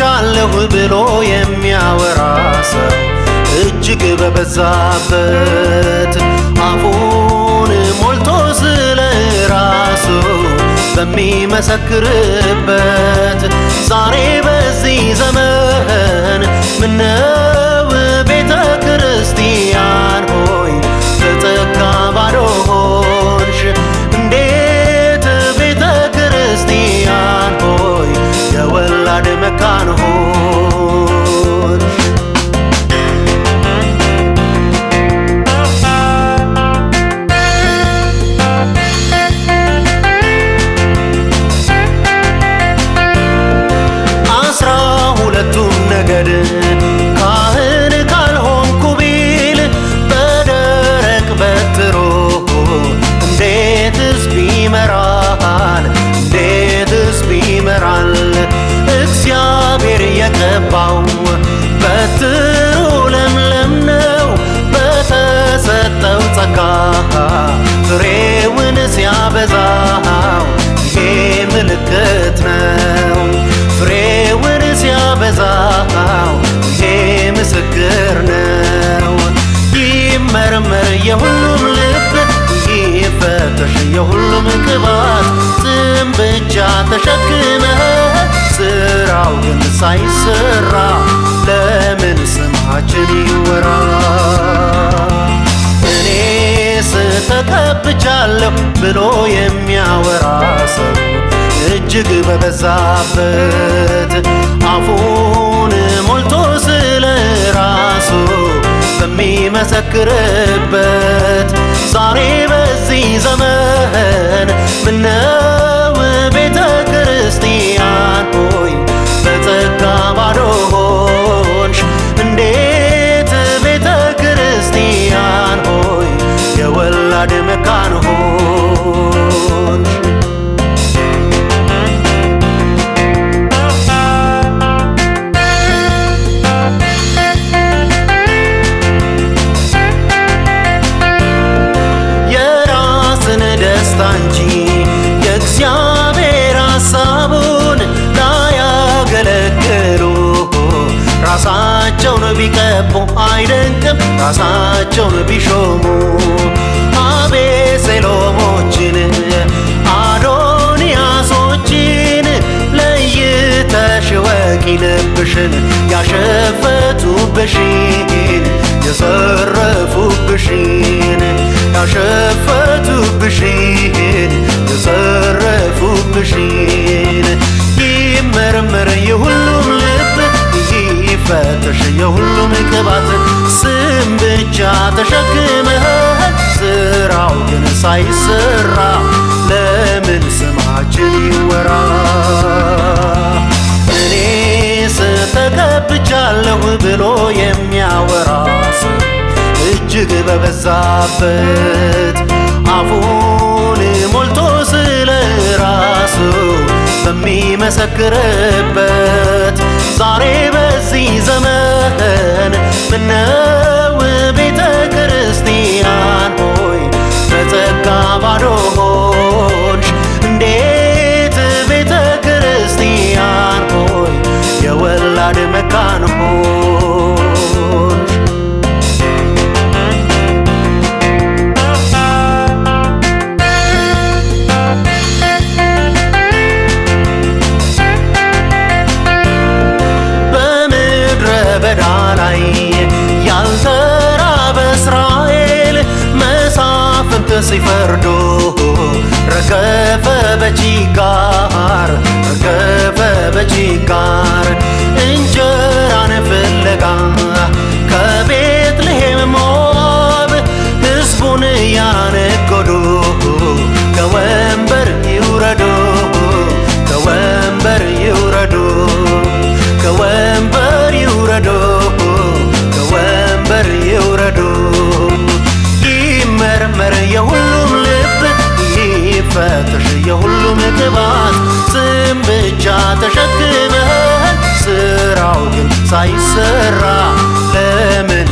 ሰርቻለሁ ብሎ የሚያወራ ሰው እጅግ በበዛበት አፉን ሞልቶ ስለ ራሱ በሚመሰክርበት ዛሬ በዚህ ዘመን የገባው በትሩ ለምለም ነው በተሰጠው ጸጋ ፍሬውን ሲያበዛው ይሄ ምልክት ነው ፍሬውን ሲያበዛው ይሄ ምስክር ነው ይመርመር የሁሉም ልብ ይፈተሽ የሁሉም ቅባት ስም ብቻ ተሸክመህ ስራው ግን ሳይሰራ ለምን ስማችን ይወራ? እኔ ስተቀብቻለሁ ብሎ የሚያወራ ሰው እጅግ በበዛበት አፉን ሞልቶ ስለ ራሱ በሚመሰክር ፈቃድ መካን ሆን የራስን ደስታ እንጂ የእግዚአብሔር ሀሳቡን ላያገለግሉ ራሳቸውን ቢቀቡ አይደንቅም ራሳቸውን ቢሾሙ አቤሴሎሞችን አዶንያሶችን ለይተሽ ወቂንብሽን ያሸፈቱብሽን የሰረፉብሽን ያሸፈቱብሽን የሰረፉብሽን ይመርመር የሁሉም ልብ ይፈተሽ የሁሉም ቅባት ስም ብቻ ተሸክመ ስራው ግን ሳይሰራ ለምን ስማችን ይወራ? እኔ ስተቀብቻለሁ ብሎ የሚያወራ እጅግ በበዛበት አፉን ሞልቶ ስለ ራሱ በሚመሰክርበት ዛሬ በዚህ ዘመን ምነው ቤተ ሲፈርዶ ረገፈ በችጋር ረገፈ በችጋር እንጀራን ፍለጋ ክትባት ስም ብቻ ተሸክመን ስራው ግን ሳይሰራ ለምን